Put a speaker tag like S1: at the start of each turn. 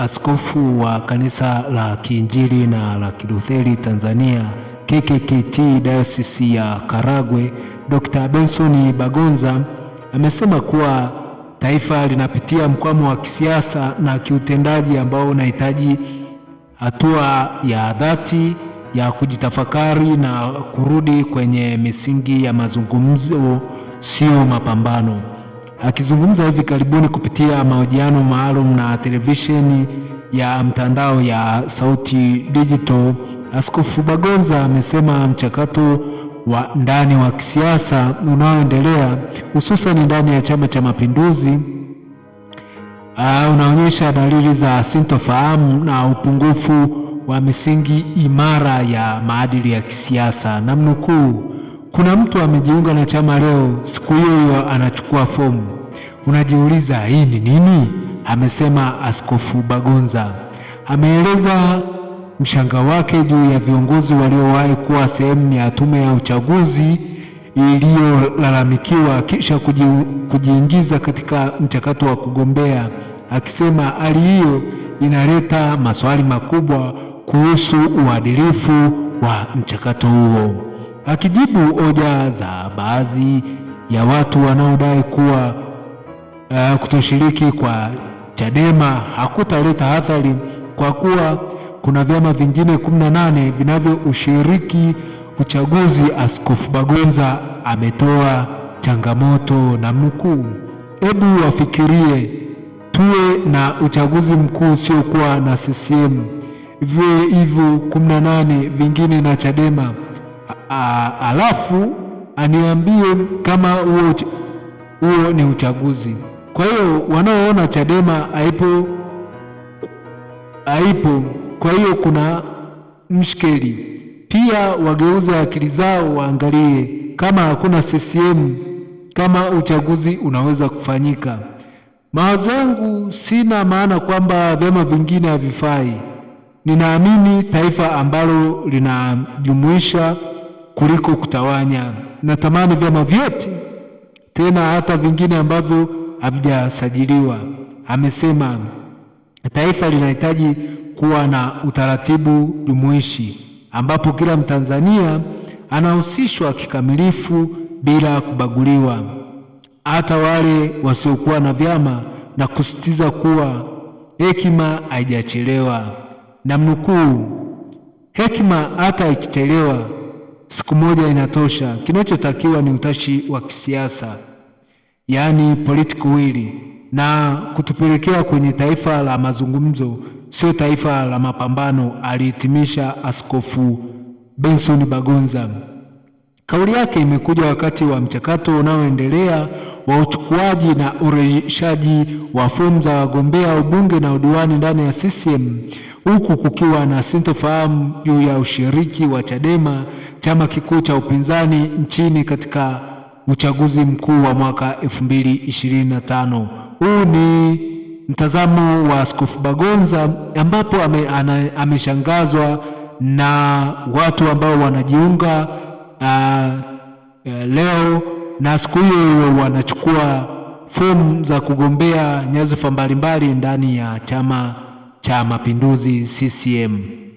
S1: askofu wa kanisa la Kiinjili na la Kilutheri Tanzania KKKT Dayosisi ya Karagwe, Dr. Benson Bagonza amesema kuwa taifa linapitia mkwamo wa kisiasa na kiutendaji ambao unahitaji hatua ya dhati ya kujitafakari na kurudi kwenye misingi ya mazungumzo, sio mapambano. Akizungumza hivi karibuni kupitia mahojiano maalum na televisheni ya mtandao ya Sauti Digital, Askofu Bagonza amesema mchakato wa ndani wa kisiasa unaoendelea hususan ndani ya Chama cha Mapinduzi uh, unaonyesha dalili za sintofahamu na upungufu wa misingi imara ya maadili ya kisiasa. Namnukuu, kuna mtu amejiunga na chama leo, siku hiyo hiyo anachukua fomu. Unajiuliza hii ni nini? Amesema Askofu Bagonza. Ameeleza mshangao wake juu ya viongozi waliowahi kuwa sehemu ya tume ya uchaguzi iliyolalamikiwa kisha kuji, kujiingiza katika mchakato wa kugombea, akisema hali hiyo inaleta maswali makubwa kuhusu uadilifu wa mchakato huo akijibu hoja za baadhi ya watu wanaodai kuwa uh, kutoshiriki kwa Chadema hakutaleta athari kwa kuwa kuna vyama vingine 18 vinavyoushiriki uchaguzi. Askofu Bagonza ametoa changamoto na mnukuu, hebu wafikirie tuwe na uchaguzi mkuu usiokuwa na CCM, vile hivyo 18 vingine na Chadema alafu aniambie kama huo huo ni uchaguzi. Kwa hiyo wanaoona Chadema haipo haipo, kwa hiyo kuna mshkeli pia. Wageuze akili zao waangalie kama hakuna CCM, kama uchaguzi unaweza kufanyika. Mawazo yangu, sina maana kwamba vyama vingine havifai. Ninaamini taifa ambalo linajumuisha kuliko kutawanya. Natamani vyama vyote, tena hata vingine ambavyo havijasajiliwa. Amesema taifa linahitaji kuwa na utaratibu jumuishi ambapo kila Mtanzania anahusishwa kikamilifu bila kubaguliwa, hata wale wasiokuwa na vyama, na kusisitiza kuwa hekima haijachelewa. Namnukuu, hekima hata ikichelewa siku moja inatosha. Kinachotakiwa ni utashi wa kisiasa, yaani political will, na kutupelekea kwenye taifa la mazungumzo, sio taifa la mapambano, alihitimisha Askofu Benson Bagonza. Kauli yake imekuja wakati wa mchakato unaoendelea wa uchukuaji na urejeshaji wa fomu za wagombea ubunge na udiwani ndani ya CCM huku kukiwa na sintofahamu juu ya ushiriki wa Chadema, chama kikuu cha upinzani nchini, katika uchaguzi mkuu wa mwaka 2025. Huu ni mtazamo wa Askofu Bagonza ambapo ameshangazwa ame na watu ambao wanajiunga uh, leo na siku hiyo hiyo wanachukua fomu za kugombea nyadhifa mbalimbali ndani ya Chama cha Mapinduzi CCM.